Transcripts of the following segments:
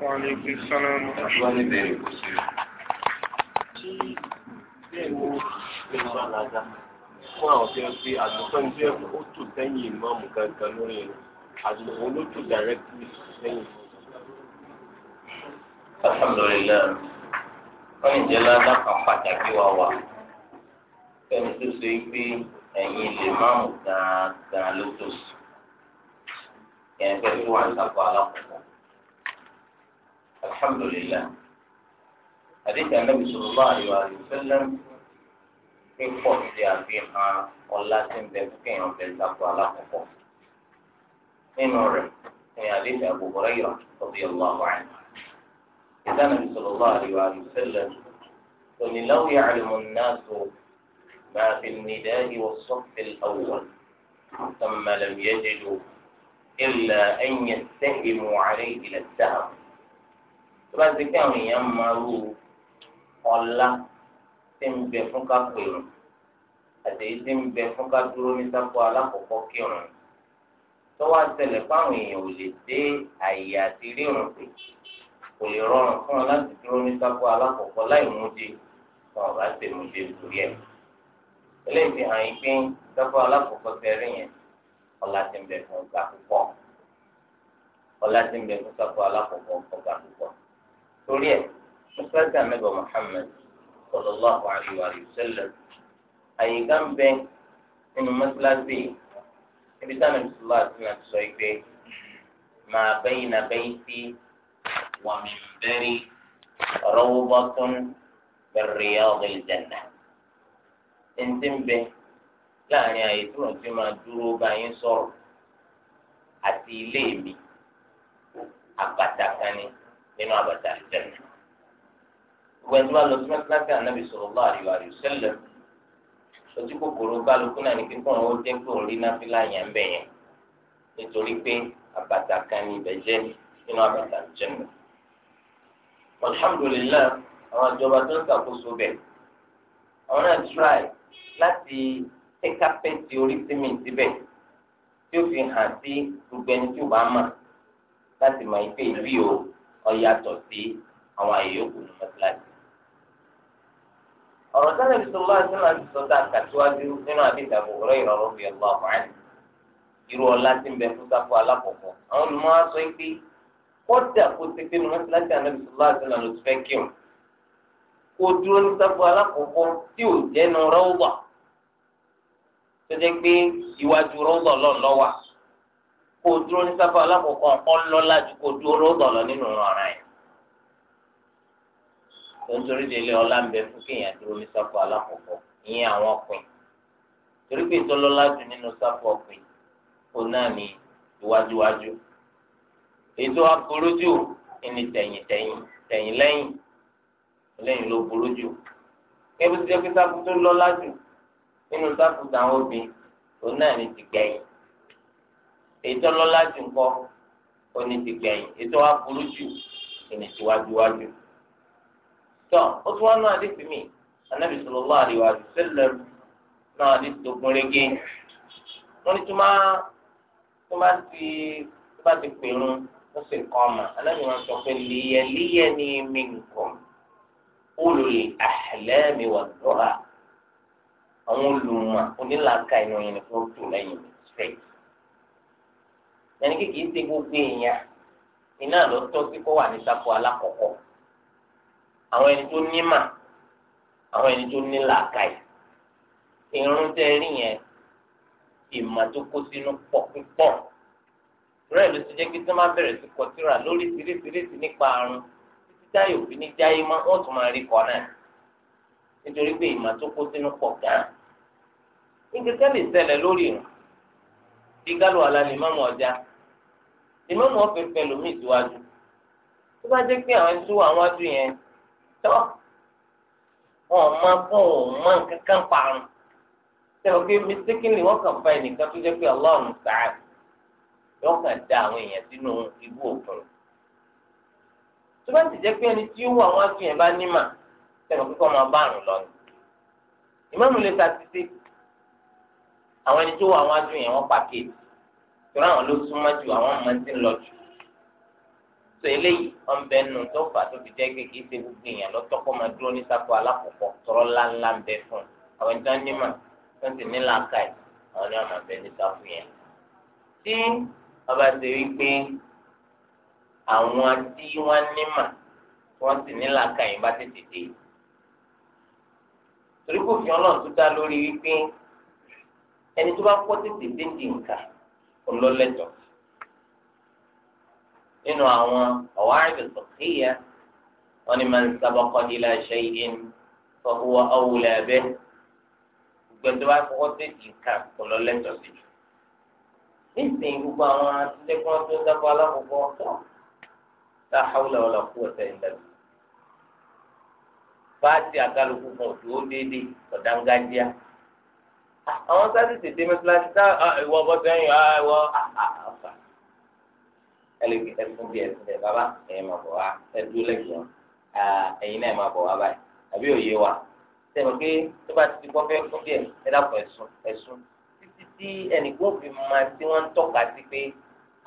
Wàlẹ́kùn sálàmù. Wọ́n ní bẹ̀rẹ̀ kò sí. Tí bẹ́ẹ̀ ni ìgbésẹ̀ alága fún àwọn tí wọ́n fi àdùnkàn bí ẹ̀kọ́ ó tò sẹ́yìn ìmọ̀ọ́mù gangan lórí ẹ̀rọ àdùnkàn ló tò dàrẹ́kìlì sẹ́yìn. Alhamdulilayi, wọ́n jẹ́ ládàá pàtàkì wa wà. Fẹ́mi tó ṣe pé ẹ̀yin lè máàmù gan-an ló tò sí. يعني كيف هو عن تقوى علاقته الحمد لله حديث النبي صلى الله عليه وسلم في قوة فيها والله تنبه فيهم في التقوى علاقته من عرف في حديث أبو هريرة رضي الله عنه إذا النبي صلى الله عليه وسلم قل لو يعلم الناس ما في النداء والصف الأول ثم لم يجدوا ilẹ̀ ẹ̀yẹ sẹ́yìn mọ̀ọ́rẹ́ ìlẹ̀ dáhùn. tó bá ti pé àwọn èèyàn máa rú ọlá tí ń bẹ fún ká pèrò àti èyí tí ń bẹ fún ká dúró ní sápò alákọ̀ọ́kọ́ kírun tó wá ṣẹlẹ̀ fáwọn èèyàn ò lè dé àyè àti rírun pè kò lè rọrùn fún wọn láti dúró ní sápò alákọ̀ọ́kọ́ láì mú dé wọn ò bá ṣe mú dé lórí ẹ̀ eléyìí fi hàn yín pé sápò alákọ̀ọ́kọ́ tẹ̀rí yẹn ọlá ti ń bẹ fún ọgbà púpọ̀. ọlá ti ń bẹ fún sọfọ alákọọkọ ọgá púpọ̀ torí ẹ mùsùlùmí amẹbọ Muhammad sallallahu alaihi wa sallam àyíká ń bẹ nínú mọ́sálásí ibi táwọn mùsùlùmí àti náà ti sọ pé ma bayna bayti wa minbari rawdatun min riyadil jannah ẹni ń bẹ láàrin àyè tí wọn ti máa dúró báyìí sọ̀rọ̀ àti ilé mi. àbàtà kan ní nínú àbàtà àlùjànnà gbogbo ẹni tó bá lọ sí mẹsàlásì ànábì sallallahu alaihi wa sallam ojú kòkòrò kálukú náà ní kíkọ́ ọ̀hún ó dé pé òun rí náfìlà yẹn ń bẹ̀ yẹn nítorí pé àbàtà kan ní ibẹ̀ jẹ́ nínú àbàtà àlùjànnà alhamdulillah àwọn ìjọba tó ń ṣàkóso bẹ̀ àwọn náà try láti tẹ́kápẹ́ǹtì orí símìtì bẹ̀ tí ó fi hàn sí gbogbo ẹni tí ó bá mọ̀ láti mọ ife ìbí o ọ̀yàtọ̀ sí àwọn àyòkù ní mọ́tíláṣí. ọ̀rọ̀ sáré bisimilá sí náà ti sọ dáa kàtíwájú nínú àdìsá àbòkúrọ̀ ìrọ̀rùn fi ọ̀gbọ́n àbáyé irú ọlá tí ń bẹ fún sáfù alákọ̀ọ́kọ́ àwọn olùmọ̀ wa sọ pé kọ́dà kó ti pé ní mọ́tíláṣí àná bisimilá sí náà kó dúró ní sáfà alákòókò ọlọ́lá ju kó dúró lọ́dọ̀ lọ nínú ọ̀ràn yìí. nítorí délé ọlá ń bẹ fún kéèyàn dúró ní sáfà alákòókò ìyẹn àwọn ọkùnrin torí pé ìtọ́lọ́lá jù nínú sáfà ọkùnrin kó náà ní iwájúwájú. ètò aburú jù ní tẹ̀yìn tẹ̀yìn tẹ̀yìn lẹ́yìn lẹ́yìn ló burú jù. kébí ti jẹ́ pé sáfù tó lọ́lá jù nínú sáfù táwọn obìnrin kó náà ní ti gbẹ̀yìn ètò ọlọ́lá jù ńkọ́ òní ti gbẹ̀yìn ètò wa burú jù ìní ti wájú wájú. tó o tún wá náà àdìsí mi anábì sallallahu alaihi wa sallam náà àdìsí tó gún régé wọn ni tó máa tó máa ti tó bá ti pèrún ó sì kọ́ ọmọ anábì wọn sọ pé liyẹliyẹ ni minkum ulul ahlami wad-duha àwọn olùmọ̀ onílàákà inú yìí ni fún tù lẹ́yìn straight. yẹn kí kìí ṣe gbogbo èèyàn iná ló tọ́ sí kó wà ní sáfù alákọ̀ọ́kọ́ àwọn ẹni tó nímà àwọn ẹni tó ní làákàyè irun tẹ rí yẹn ìmọ̀ tó kó sínú pọ̀ púpọ̀ rẹ̀ ló ti jẹ́ lori tó máa bẹ̀rẹ̀ sí kọtíra lórí tìrìtìrìtì nípa àrùn títí táyà òfin ní jáyé mọ́ wọ́n tún máa rí kọ́ náà nítorí pé ìmọ̀ tó kó sínú pọ̀ gan ìmọ̀mù ọ̀fẹ́ pẹ̀lú mi síwájú tó bá jẹ́ pé àwọn tó àwọn adùn yẹn tọ́ wọn máa fún òun máa ń kankan parun tẹ̀wọ́n pé mistakenly wọ́n kàn fa ẹnìkan tó jẹ́ pé ọlọ́run sáà yọ kàn da àwọn èèyàn sínú ibú òkun tó bá ti jẹ́ pé ẹni tí ó wà àwọn adùn yẹn bá nímà tẹ̀wọ́n pé kọ́ máa bá àrùn lọ ni ìmọ̀mù lè ta títí àwọn ẹni tó wà àwọn adùn yẹn wọ́n pàkíyèsí torí àwọn ló súnmọ́ ju àwọn máa ti ń lọ jù tó eléyìí wọn bẹ nù tó fà tó fi jẹ́ pé kì í ṣe gbogbo èèyàn lọ́tọ́kọ́ máa dúró ní sáfù alákọ̀ọ́kọ́ tọrọ ńláńlá ń bẹ fún àwọn ìjọ nímọ̀ tó ń ti ní làákàì àwọn ni wọn máa bẹ ní sáfù yẹn tí wọn bá ṣe wí pé àwọn tí wọn nímọ̀ wọn sì ní làákàì bá tètè dé torí kò fi ọlọ́run tó dá lórí wípé ẹni tó bá kọ́ tètè dé di nǹkan olólẹ́tọ̀ nínú àwọn ọ̀wá àgbẹ̀sọ̀ kéèyà wọn ni máa ń sábọ́kọ́ ní iléeṣẹ́ yìí ní fọwọ́ ọ̀wùlẹ̀ abẹ́ gbẹ̀dọ̀ bá fọwọ́ tẹ̀sí nǹkan olólẹ́tọ̀ sí jù nísìnyí gbogbo àwọn atúndẹ́kùn tó ń dábọ̀ alákòókò ọ̀tọ̀ tá a hawla wala quwwata illa billah bá a ti àkàlùkù fún òdòdó déédéé ọ̀dàǹgájíà àwọn sáré tètè mẹsàlásì tá ah, ìwọ bọ́ sẹ́yìn ah, ìwọ ah, ọ̀fà ẹlẹ́gbẹ́ ẹ̀fún bíi ẹ̀sìn ẹ̀ bàbá ẹ̀yin máa bọ̀ wá ẹ̀dúró lẹ́gbẹ̀ẹ́ ẹ̀yin náà máa bọ̀ wá báyìí àbí òye wa sẹ́yìn pé tó bá ti di kọ́fẹ́ fún bíi ẹ̀dàpọ̀ ẹ̀sùn ẹ̀sùn títí tí ẹnìkan fi máa tí wọ́n ń tọ́ka sí pé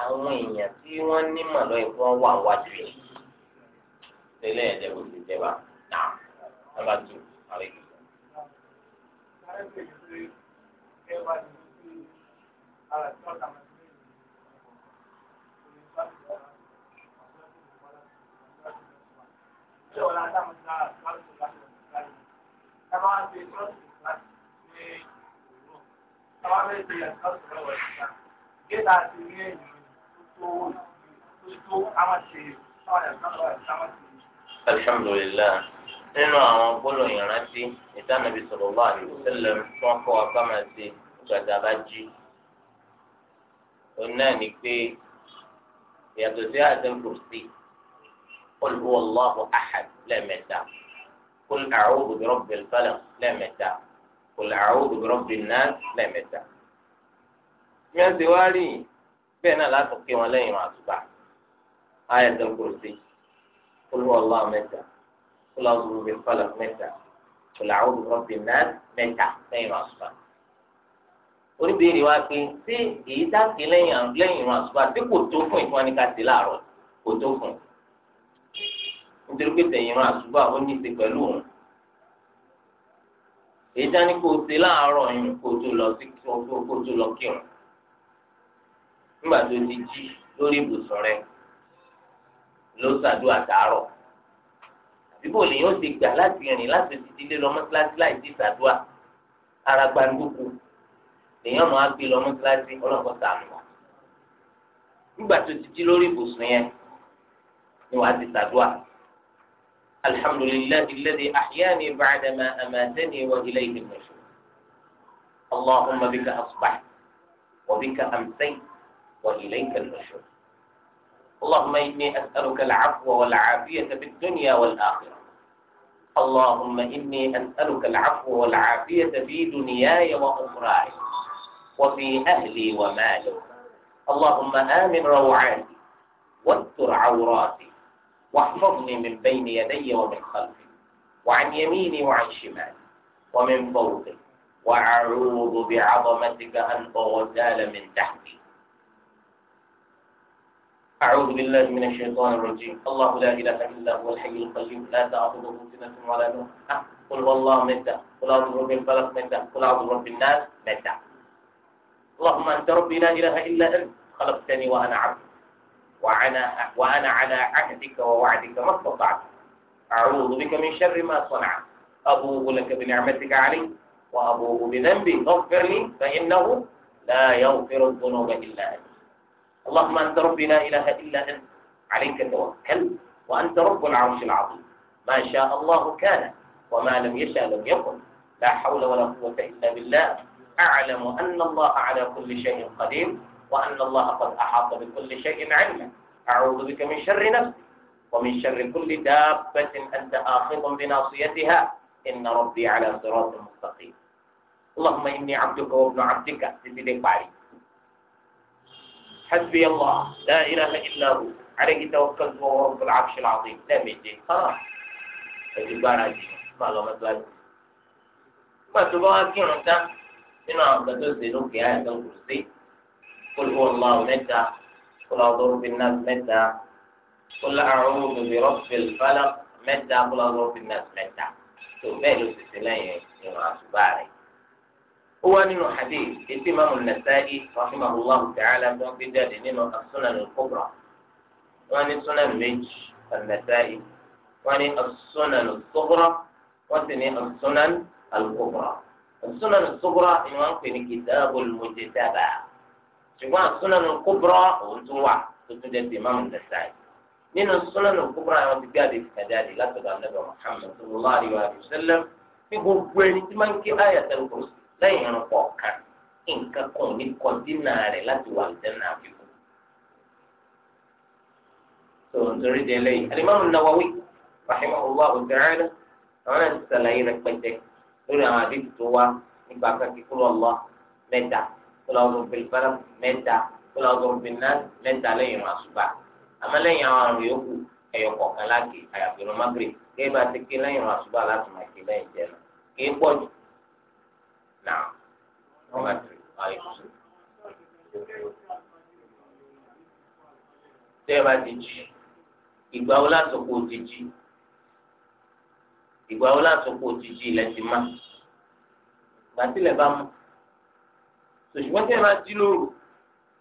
àwọn èèyàn tí wọ́n ní màlọ́ ẹ̀ wọ́n wà wájú ẹ̀ tẹ́lẹ̀ ẹ̀dẹ̀ kò sì الحمد لله نحن نقول يا نبي إذا النبي صلى الله عليه وسلم شو أقوى كما سي gbàdá bá jí òun náà ni pé yàtọ̀ sí àtẹnkùrùsì qul huwa Allahu ahad lẹ́ẹ̀mẹ́ta qul a'udhu bi rabbil falaq lẹ́ẹ̀mẹ́ta qul a'udhu bi rabbin nas lẹ́ẹ̀mẹ́ta. yẹn ti wá rí bẹ́ẹ̀ náà láti kí wọn lẹ́yìn àtúbà àtẹnkùrùsì qul huwa Allahu mẹ́ta qul a'udhu bi rabbil falaq mẹ́ta qul a'udhu bi rabbin mẹ́ta lẹ́yìn àtúbà oníbèrè wa pé ṣé èyí tá a ké lẹ́yìn àrùn lẹ́yìn ìrun àṣùbà tí kò tó fún ìfún anika sí láàárọ̀ kò tó fún nítorí pé tẹ̀yìn ìrun àṣùbà ó ní í ṣe pẹ̀lú òun èyí tá ní kò ṣe láàárọ̀ yìí kò tó lọ sí kò tó lọ kírun nígbà tó ti jí lórí ibùsùn rẹ̀ ló ṣàdúrà tààrọ̀ àbíbò lèyìn ó ti gbà láti rìn láti ti dílé lọ mọ́tíláṣí láì ti ṣàdúrà ara gbanduku lèyàn máa gbé lọ mọ́tíláṣí ọlọ́pàá sànù wa. nígbà tó ti jí lórí ibùsùn yẹn ni wàá ti sàdúà. alhamdulillahi alladhi ahyani ba'dama amatani wa ilayhi nushur. allahumma bika asbahtu wa bika amsaytu wa ilayka nushur. اللهم إني أسألك العفو والعافية في الدنيا والآخرة اللهم إني أسألك العفو والعافية في دنياي وأخراي وفي أهلي ومالي اللهم آمن روعاتي واستر عوراتي واحفظني من بين يدي ومن خلفي وعن يميني وعن شمالي ومن فوقي وأعوذ بعظمتك أن أغتال من تحتي أعوذ بالله من الشيطان الرجيم الله لا إله إلا هو الحي القيوم لا تأخذه سنة ولا نوم أه، قل والله مدة قل أعوذ بالفلق الفلق مدة قل أعوذ بالناس الناس مدة اللهم أنت ربي لا إله إلا أنت خلقتني وأنا عبد وأنا, وأنا على عهدك ووعدك ما استطعت أعوذ بك من شر ما صنعت أبوء لك بنعمتك علي وأبوء بذنبي فاغفر لي فإنه لا يغفر الذنوب إلا أنت اللهم أنت ربي لا إله إلا أنت عليك توكل وأنت رب العرش العظيم ما شاء الله كان وما لم يشاء لم يكن لا حول ولا قوة إلا بالله أعلم أن الله على كل شيء قدير وأن الله قد أحاط بكل شيء علما أعوذ بك من شر نفسي ومن شر كل دابة أنت آخذ بناصيتها إن ربي على صراط مستقيم اللهم إني عبدك وابن عبدك سيدي بعلي حسبي الله لا إله إلا هو عليه توكلت وهو رب العرش العظيم لا ميتين خلاص فجبار عزيز ما لو ما ما تبغى كيرو nínú àwọn kan tó ṣe lókè àìsàn kò sí kólú ọlọ mẹ́ta kólú ọdọọrọ bíi náà mẹ́ta kólú àrùn bíi rọfìl fálà mẹ́ta kólú ọdọọrọ bíi náà mẹ́ta tó bẹ́ẹ̀ ló ṣe ṣe lẹ́yìn nínú àṣùbà rẹ̀. ó wá nínú hadith etí mamu nasa'i rahimahullahu ta'ala tó ń gbé jáde nínú asunan al-kubra wọn ní sunan méjì al-nasa'i wọn ní asunan al-kubra wọn sì ní asunan al-kubra. السنن الصغرى ìwọ̀n ń pè ní kitabul mujtaba ṣùgbọ́n السنن الكبرى òun tún wà tó tún jẹ́ ti imam Nasa'i nínú السنن الكبرى àwọn ti gbé àdéhùn kàdáàdì látọ̀dọ̀ Ànábì Muhammad sallallahu alaihi wa sallam fi gbogbo ẹni tí máa ń ké ayatul kursi lẹ́yìn ẹran kọ̀ọ̀kan nǹkan kan ní kọ́ńtínà rẹ̀ láti wà lẹ́nà àfikún. tó ń torí de lẹ́yìn Al-Imam An-Nawawi rahimahullah ta'ala àwọn náà ti sàlàyé rẹ̀ pẹ́tẹ́. lórí àwọn àdéhùn tó wá nípa akẹ́kẹ́ kúrò ọlọ́ mẹ́ta kúrò ọdún pèlúpàdà mẹ́ta kúrò ọdún pèlúpàdà mẹ́ta lẹ́yìn ìrìn àṣùbà àmọ́ lẹ́yìn àwọn àrùn yòókù ẹ̀yọ kọ̀ọ̀kan láàkì àyàfi ìrun magre kí bá ti ké lẹ́yìn ìrìn àṣùbà láti máa ké lẹ́yìn jẹ́nu kì í pọ̀ jù náà wọ́n bá ti ayé kùsù. tẹ́ ẹ bá ti jí ìgbà wo láti kó o ti jí ìgbà wo láti kó òjijì ilẹ̀ ti má ìgbà tí ilẹ̀ bá mú ṣùgbọ́n tí ẹ máa jí lóru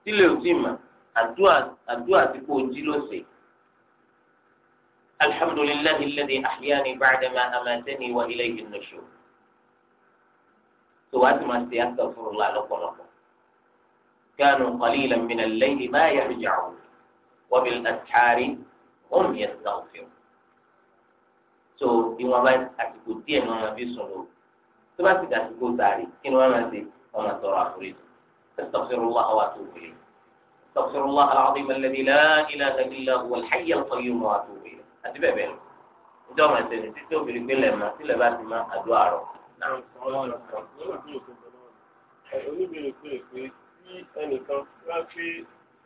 tí ilẹ̀ ò tí ì má àdúrà ti kó ojí ló ṣe. alhamdulillahi alladhi ahyani ba'dama amatani wa ilayhi an-nushur tó wá sí máa ṣe astaghfirullah lọ́pọ̀lọpọ̀ kanu qalilan min al-layli ma yarja'un wa bil-ashari hum yastaghfirun so ìwọ̀n bá àsìkò díẹ̀ ni wọ́n máa fi sùn lò tó bá ti dàsìkò sàárì kí ni wọ́n máa ṣe wọ́n máa tọrọ àforíjì astaghfirullah wa atubu ilayh astaghfirullah al-azim alladhi la ilaha illa huwa al-hayy al-qayyum wa atubu ilayh àti bẹ́ẹ̀ bẹ́ẹ̀ lọ ìjọ máa ṣe ní títí obìnrin gbé lẹ́ẹ̀ma sílẹ̀ bá ti máa àdó àrọ̀ ẹnìkan rántí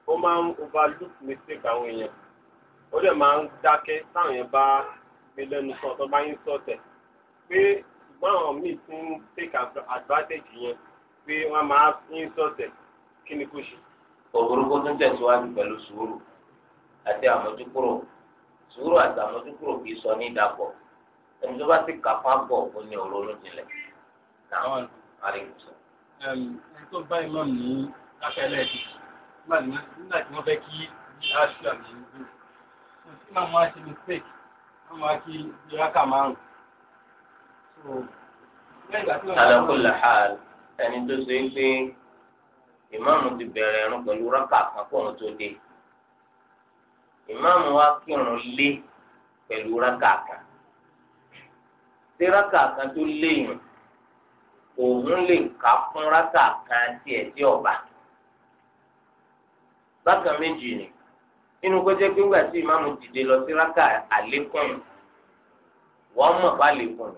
ó máa ń overlook mistake àwọn èèyàn ó dẹ̀ máa ń dákẹ́ táwọn èèyàn bá gbé lẹ́nu sọ tó bá yín sọ̀tẹ̀ pé ṣùgbọ́n àwọn míì ti ń take advantage yẹn pé wọ́n máa yín sọ̀tẹ̀ kí ni kò ṣe. òwúrúkú tó ń tẹ̀síwájú pẹ̀lú sùúrù àti àmójúkúrò sùúrù àti àmójúkúrò kì í sọ ní ìdàpọ̀ ẹni tó bá ti kàfá pọ̀ ó ní òróró jinlẹ̀ náà àríkùsọ. ẹni tó bá ìmọ̀ ní lápẹ̀lẹ̀ ẹ̀dì nígbà tí wọ́n fẹ́ kí aṣọ àmì ìlú máa máa ṣe mistake alákòlá hàl ẹni tó ṣe é pé ìmáàmù ti bẹ̀rẹ̀ ẹ̀rùn pẹ̀lú rákà kan kó òun tó dé ìmáàmù wa kírun lé pẹ̀lú rákà kan tí rákà kan tó léyìn òun lè kà fún rákà kan tiẹ̀ tí ọba bákan méjì ni inú kọjá pé ńgbà tí ìmáàmù dìde lọ sí rákà àlékún wọ́n mọ̀ bá lékún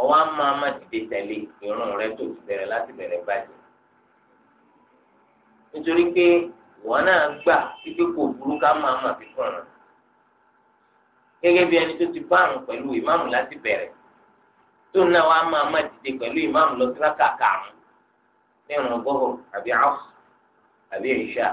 ọwọ́ á máa má dìde tẹ̀lé ìrun rẹ tó ti bẹ̀rẹ̀ láti bẹ̀rẹ̀ bàjẹ́ nítorí pé wọ́n náà gbà pípé kò burú ká máa má fi kùn rẹ̀ gẹ́gẹ́ bí ẹni tó ti bá àrùn pẹ̀lú ìmáàmù láti bẹ̀rẹ̀ tó náà wàá máa má dìde pẹ̀lú ìmáàmù lọ sí rákà kàrún ní ìrun gbọ́bọ̀ àbí áwùs àbí ìṣáà.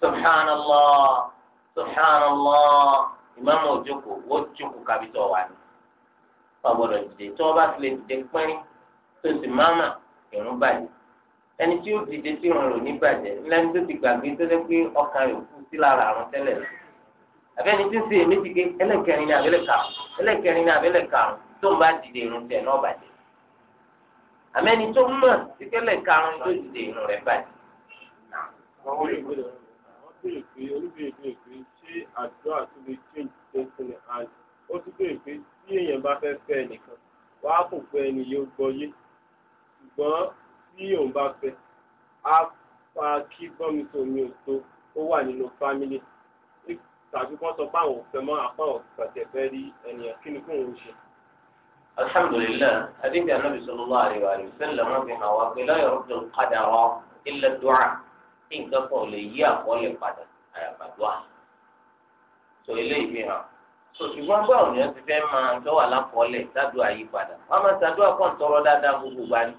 subhanallah subhanallah ìmáàmù òjòkó wọ́n jókòó kábítọ̀ wà ní ọ̀gbọ́dọ̀ dìde tí wọ́n bá ti lè dìde pẹ́rín tó sì máàmà ìrún bàjẹ́ ẹni tí ó dìde tí ìrún rò ní bàjẹ́ ńlẹ́ni tó ti àbẹ́ni tí ń ṣe èméjì ké ẹlẹ́kẹrin ní abẹ́lẹ̀ karùn ẹlẹ́kẹrin ní abẹ́lẹ̀ karùn tó ń bá dìde irun tẹ̀ náà bàjẹ́ àmẹ́ni tó mọ̀ sí kẹ́lẹ̀ karùn tó dìde irun rẹ̀ bàjẹ́. àwọn olùgbé wọn béèrè pé olùbéèrè béèrè pé ṣé àdúrà tó lè change destiny and ó tún béèrè pé tí èèyàn bá fẹ́ fẹ́ ẹnìkan wà á kò fẹ́ ẹni yóò gbọ́yé ṣùgbọ́n tí òun bá fẹ́ á fa kí gbọ́mi tó mi ò tó ó wà nínú fámílì tàbí kọ́ sọ pé àwọn òfin mọ́ apá òkàtẹ̀ fẹ́ rí ẹnìyàn kí ni fóun ṣe. alhamdulillah adigun anabi sallallahu alayhi wa sallam wọn fi hàn wá pé láyọ̀ rọ́pò kádàrá ilẹ̀ dùrà kí nǹkan kan ò lè yí àkọọ́lẹ̀ padà àyàfàdùà tó eléyìí fi hàn ṣùgbọ́n báwo ni wọ́n ti fẹ́ máa tọ́wà lákọọ́lẹ̀ sádùn àyípadà wọ́n máa sádùn àkọ́ dáadáa gbogbo gba ni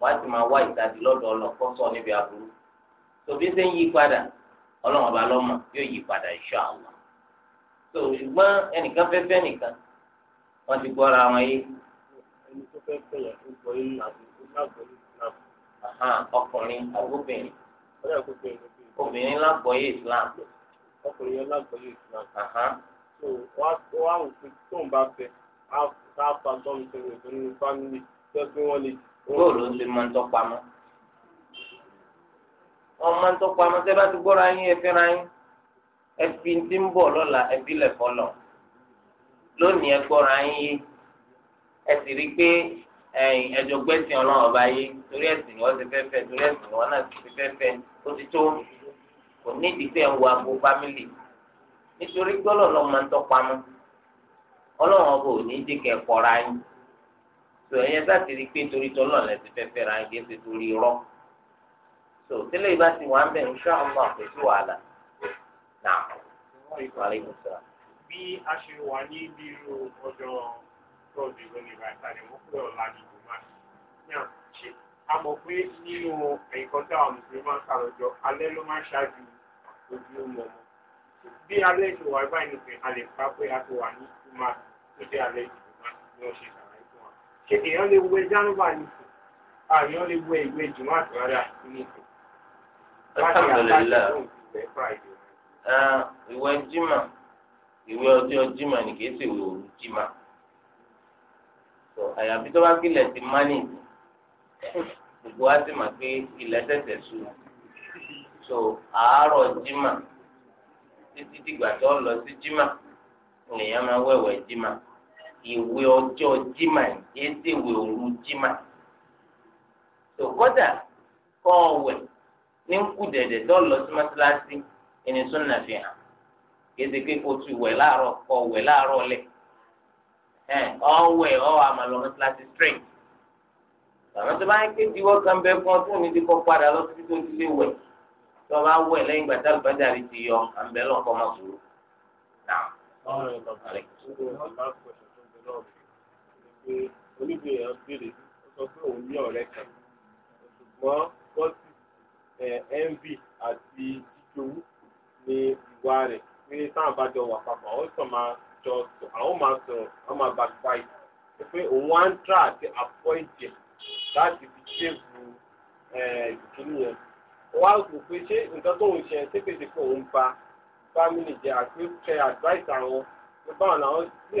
wọ́n á ti máa wá ìtàdí lọ́dọ̀ ọlọ́kọ́ sọ níbi àbúrò tòbí ṣe ń yí padà ọlọ́run ọba lọ́mọ yóò yí padà ìṣọ́ àwọn. tó ṣùgbọ́n ẹnìkan fẹ́ fẹ́ nìkan wọ́n ti gbọ́ ara wọn yé. ẹni tó fẹ́ fẹ́ yẹn ń gbọ́ yín àti lágbọ́ yín islam. ọkùnrin àbóbìnrin. obìnrin lágbọ́ yín islam. ọkùnrin yẹn lágbọ́ yín islam. tó wá wò pé tóun bá fẹ́ á fa sọ́mi sẹ́yìn ìtọ́nú fámìlì tó pé wọ́n lè. bóòlù ń ṣe máa ń tọ́ pamọ́ wọn máa ń tó pa ọmọdé bá ti gbọ́ra yín ẹ fẹ́ra yín ẹ fi ti ń bọ̀ lọ́la ẹ fi lẹ̀ fọlọ̀ lónìí ẹ gbọ́ra yín yé ẹ sì rí i pé ẹjọ gbẹ́sìn ọlọ́run ọba yé torí ẹ̀sìn ni wọ́n ti fẹ́ fẹ́ torí ẹ̀sìn ni wọ́n náà ti fẹ́ fẹ́ ó ti tó kò ní ìdí pé ẹ̀ ń wo agbo fámìlì nítorí gbọ́dọ̀ lọ́ máa ń tọ́ pamọ́ ọlọ́run ọba ò ní í dìkẹ́ kọ́ra yín tòun ẹ̀yẹ sátìrí tó tẹ́lẹ̀ ìbá ti wà ń bẹ̀ insha Allah kò sí wàhálà náà wàhálà ìbùsọ̀. bí a ṣe wà ní bí irú ọjọ́ tọ́jú lónìí bá ìtàlẹ̀ mú pé ọ̀la ni kò máa yàn ṣe a mọ̀ pé nínú nǹkan tí àwọn mùsùlùmí máa ń kà lọ́jọ́ alẹ́ ló máa ń ṣáájú ojú ọmọ bí alẹ́ ṣe wà báyìí nìkan a lè pa pé a ti wà ní ìmá tó jẹ́ alẹ́ ìjùmọ̀ ni wọ́n ṣe ṣàlàyé fún wa ṣe èèyàn lè wẹ jánúbà nìkan àyàn lè wẹ ìwé ìjùmọ̀ àtúrádà nìkan alhamdulilayi ah, ìwẹ̀ jimá ìwẹ̀ ọjọ́ jimá ni kìí ṣe ìwẹ̀ òru jimá àyàfi tó bá kílẹ̀ ti mánìtì gbogbo wa ti mà pé ilẹ̀ tẹ̀tẹ̀ su so àárọ̀ jimá títí dìgbà tó lọ sí jimá lèèyàn máa wẹ̀wẹ̀ jimá ìwẹ̀ ọjọ́ jimá kìí ṣe ìwẹ̀ òru jimá so kódà kọ́ ọ̀wẹ̀ ní kú dẹ̀dẹ̀ tó lọ sí mọ́sálásí ẹni súnà fi hàn kézeke kó tu wẹ̀ láàárọ̀ kọ wẹ̀ láàárọ̀ lẹ̀ ẹ̀ ọ̀wẹ̀ ọ̀wà máa lọ mọ́sálásí straight àwọn tó bá ń ké diwọ́ kan bẹ fún ọ tó ní ti kọ́ padà lọ sí tó ti lé wẹ̀ tó bá wẹ̀ lẹ́yìn gbàtà lùbàdà rí ti yọ à ń bẹ lọ́n kọ́ máa sòrò. oníbèrè ọ̀bẹ̀rẹ̀ sọ pé òun ní ọ̀rẹ́ kan ṣùgbọ́n wọ́n envy eh, àti jíjowú ni ìwà rẹ̀ pé táwọn bá jọ wà papọ̀ àwọn sọ máa jọ sọ àwọn máa sọrọ àwọn máa backbite pé òun á ń tra àti avoid yẹ láti fi ṣéèbù eh, ìkíní yẹn wá rò pé ṣé nǹkan tó ń ṣe pé òun ba family jẹ àti advice àwọn pé báwọn làwọn sí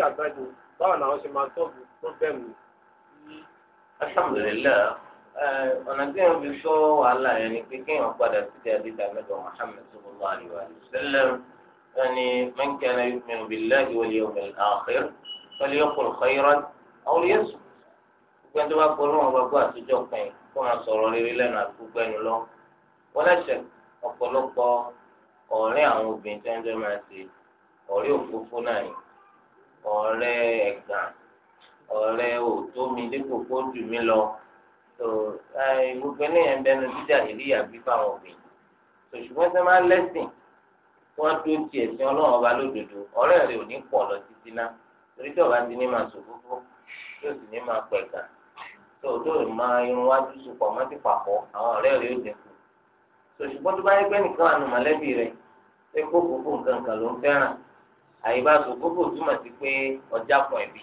báwọn làwọn ṣe máa tọ́jú problem yìí. ọ̀nà tí wọ́n fi sọ wàhálà yẹn ni pé kéèyàn padà sí àdé dàmẹ́tọ̀ Muhammad sallallahu alayhi wa sallam ẹni man kana yu'minu billahi wal yawmil akhir falyaqul khayran aw liyasmut gbogbo ẹni tó bá gbọ́ lọ́wọ́ bá gbọ́ àtijọ́ kan kó máa sọ̀rọ̀ rere lẹ́nu àdúgbò ẹni lọ. wọ́n ọ̀pọ̀lọpọ̀ ọ̀rẹ́ àwọn obìnrin tí wọ́n jọ máa ṣe ọ̀rẹ́ òfófó náà ni ọ̀rẹ́ ẹ̀gàn ọ̀rẹ́ òtómi dípò kó jù mí lọ tó eh, gbogbo eléyàn bẹnu jíjà ìlíyà bí fáwọn òbí ṣùgbọ́n sẹ́ máa lẹ́sìn wọ́n tó ti ẹ̀sìn ọlọ́run ọba lódodo ọ̀rẹ́ rẹ̀ ò ní pọ̀ lọ títí ná torí tí ọba ti ní máa ṣòfófó tí ó sì ní máa pẹ̀ka tó tó lè máa irun wájú sopọ̀ mọ́ ti pàpọ̀ àwọn ọ̀rẹ́ rẹ̀ ò dínkù tó ṣùgbọ́n tó bá yẹ pé nìkan àánú mọ̀lẹ́bí rẹ̀ pé kókòkò nǹkan kan ló ń fẹ́ràn àyíbá ṣòfófó túmọ̀ sí pé ọjà pọ̀ ẹ̀bí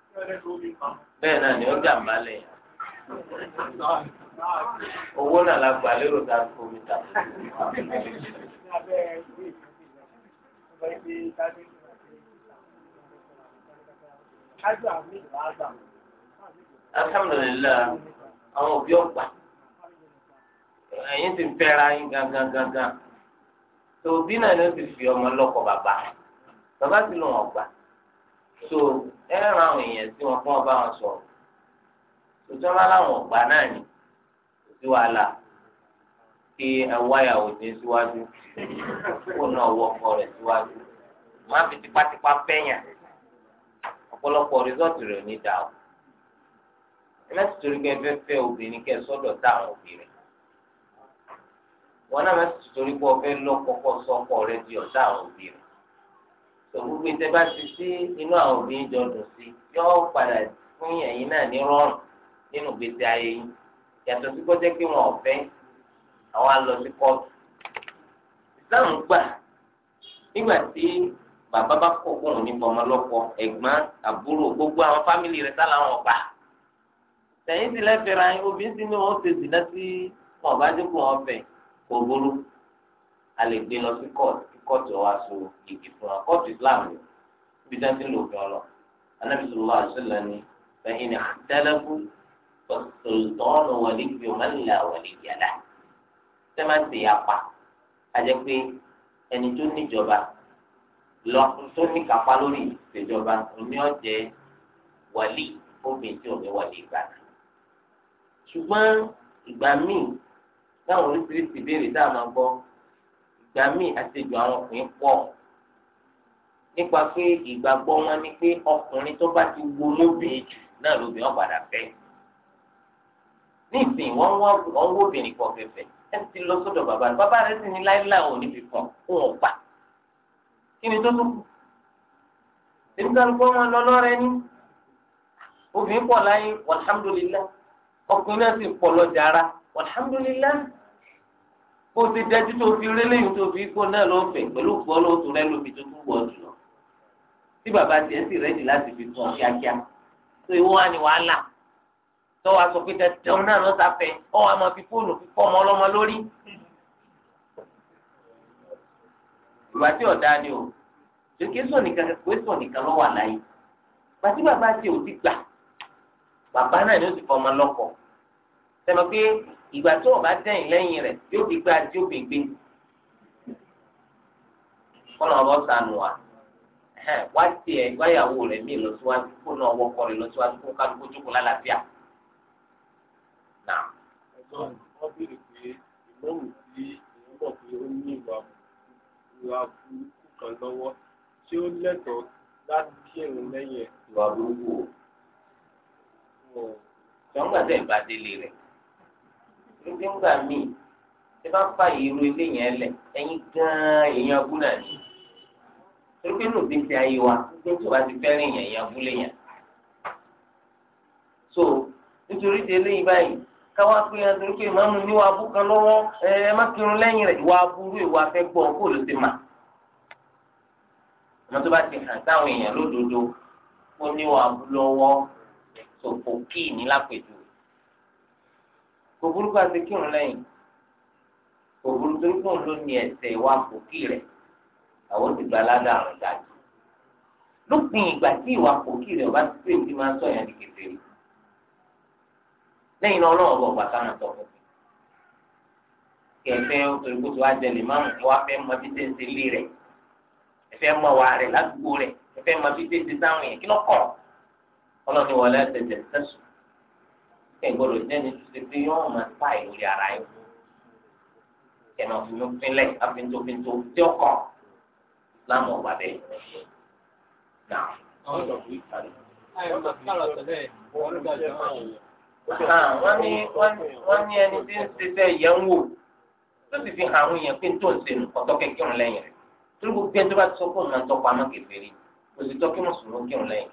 bẹ́ẹ̀ náà ni ó jàmbá lẹ̀ owó náà la gbà lérò tá a fomi ta. alhamdulilayi àwọn òbí ọgbà ẹ̀yin ti fẹ́ra yín gangan gangan tó òbí náà ni ó ti fi ọmọ lọ́kọ bàbá bàbá ti lò wọ́n gbà tó ẹ ràn àwọn èèyàn tí wọn fún ọba wọn sọ̀rọ̀ tuntun bá láwọn ọgbà náà ní kò sí wàhálà kí ẹ wáyà òde síwájú kó náà wọ ọkọ rẹ̀ síwájú má fi tipátipá fẹ́yàn ọ̀pọ̀lọpọ̀ rìsọ́ọ̀tì rẹ̀ ní dáa ẹ má ti torí pé ẹ fẹ́ fẹ́ obìnrin kẹ́ sọ́dọ̀ táwọn obìnrin wọn náà má torí pé ọ fẹ́ lọ́kọ́kọ́ sọ́kọ rẹ di ọ̀tá àwọn òbí gbogbo ìtẹ́ bá ti sí inú àwọn obìnrin jọ dùn sí yóò padà fún ẹ̀yin náà ní rọrùn nínú gbèsè ayé yìí yàtọ̀ sí kó jẹ́ pé wọn ò fẹ́ àwọn alọ sí kóòtù. ìsáàmù gbà nígbà tí bàbá bá kọ̀ fún òun nípa ọmọlọ́pọ̀ ẹ̀gbọ́n àbúrò gbogbo àwọn fámìlì rẹ̀ sá làwọn ọ̀gbà. sẹ̀yìn ti lẹ́fẹ̀ẹ́ ra obìnrin sí ni wọ́n ṣe dìná sí wọn bá dínkù fẹ̀ kò burú a lè gbé lọ sí kóòtù kí kóòtù wa so ìdì fún wa kóòtù islam ni ibi tí wọn ti ń lò fún ọ lọ anabi sọlá àṣìlẹ ni fẹyìn àtẹlẹkù tọ̀nù wọlé bí o máa ń la wọlé yàrá tẹ máa ń tẹ ya pa àjẹ pé ẹni tó níjọba lọ tó ní kápá lórí ìṣèjọba omi ọjẹ wọlé obìnrin tí omi wọlé gbà ṣùgbọ́n ìgbà míì láwọn oríṣiríṣi ìbéèrè tá máa gbọ́ gbàmí àtẹjù àwọn ọkùnrin pọ̀ nípa pé ìgbàgbọ́ wọn ni pé ọkùnrin tó bá ti wo lóbìnrin jù náà lóbìnrin wọn padà fẹ́ nísìnyí wọn wọ wọn wọ obìnrin kan fẹfẹ ẹ ti lọ sọ́dọ̀ bàbá rẹ bàbá rẹ sì ní láéláé òní fi kàn fún wọn kí ni tó tó kù èmi kálukọ wọn lọ lọrẹ ní obìnrin pọ̀ láyé alhamdulillah ọkùnrin náà sì pọ̀ lọ jàrá alhamdulillah kó o ti dẹ́jú tó fi rí lẹ́yìn tó fi gbó náà lọ́fẹ̀ẹ́ pẹ̀lú gbọ́ lóòótọ́ rẹ lómi tó tún wọ̀ jù lọ. tí bàbá tiẹ̀ sì rẹ́dì láti fi tàn kíákíá tó ewu wá ní wàhálà tó wàá sọ pé tẹ̀tẹ̀wọ̀n náà lọ́ta fẹ́ ọ́ wa máa fi fóònù fi fọ́ ọmọ ọlọ́mọ lórí. ìwà tí ọ̀dà ni o ṣèké sọ nìkan kò sọ nìkan lọ́wọ́ àlàyé bàtí bàbá tiẹ̀ ò ti gbà bàbá náà ni ó ti fọ ọmọ lọ́kọ̀ọ́ ìgbà tó o bá dẹ́yìn lẹ́yìn rẹ̀ yóò fi gbé àti yóò gbé kọ́nà ọ̀bọ sànù wa wá tiẹ̀ gbáyàwó rẹ̀ mí lọ síwájú kó náà wọ́kọ̀ rẹ̀ lọ síwájú kó kálukú jókòó lálàáfíà. ìwà burúkú o. sọ̀ngbà tẹ̀ ń bá délé rẹ̀ gbígbé ńgbà míì tí bá ń fa ìró ilé yẹn lẹ ẹyin gan èèyàn abúlé àti torí pé nù gbèsè ayé wa gbé tí wà á ti fẹ́ràn èèyàn èèyàn abúlé yẹn. so nítorí ti eléyìí báyìí káwá pé ẹ torí pé màmú ní wàá bú kan lọ́wọ́ ẹ má kírun lẹ́yìn rẹ̀ wàá burú ìwà fẹ́ gbọ́ kó ló ti mà. ọmọ tó bá ti hàn sáwọn èèyàn lódodo ó ní wàá lọ́wọ́ sòfò kíì ní lápẹ̀jù kò burúkú àti kírun lẹ́yìn kò burú torí kò ń lò ní ẹsẹ̀ wa kò kí rẹ̀ àwọn ti gba aládàá àrùn jáde lópin ìgbà tí ìwà kò kí rẹ̀ ọba tí èyí máa ń sọ yẹn ní kékeré lẹ́yìn náà ọlọ́run ọba ọba káwọn sọ fún mi kẹfẹ́ torí kó tó wá jẹlẹ̀ máa ń wá fẹ́ mọ bí ṣe lé rẹ̀ ẹfẹ́ mọ wà rẹ̀ ládùúgbò rẹ̀ ẹfẹ́ mọ bí ṣe sáwọn yẹn kí lọ́kọ̀ ọlọ́run ni wọlé ẹsẹ̀ tẹ̀sán sùn ẹgbọ́dọ̀ jẹ́ni tó ṣe pé yọ́n máa ta ìwé ara ẹ̀ kẹ̀nà fún fínlẹ̀ afíntófíntó tí ó kọ̀ láàmú ọ̀gbà bẹ́ẹ̀. Ah, wọ́n ní wọ́n ní ẹni tí ń ṣe bẹ́ẹ̀ yẹn ń wò tó sì fi hàn àwọn èèyàn pé tó ń ṣe nǹkan kẹ́kẹ́rùn lẹ́yìn rẹ̀ torí gbogbo ẹni tó bá ti sọ fóònù náà tọpa àmọ́ kẹfẹ́ rí kò sì tọ́ kí mùsùlùmí kírun lẹ́yìn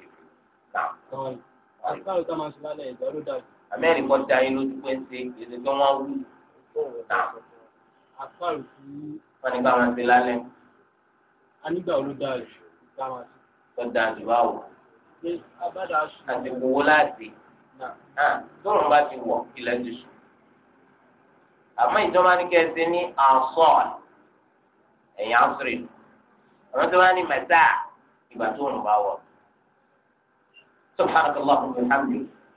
kẹfẹ́ rí amẹ́rin kọ́ da yín lójú pé ń ṣe èdè tó wọ́n wù náà. àpárò tí. wọ́n ní ká máa ṣe lálẹ́. a nígbà wo ló dáa jù ká máa ṣe. tó dáa jù báwo. ṣé abáda aṣọ. àti gbowó láti. tóun bá ti wọ̀ ilẹ̀ ti sùn. àmọ́ ìjọba ní kẹ́ ní àǹsọ̀ọ̀lù ẹ̀yìn àǹsọ̀rì. àwọn tó bá ní mẹ́ta ìgbà tó ń bá wọ̀. سبحانك اللهم وبحمدك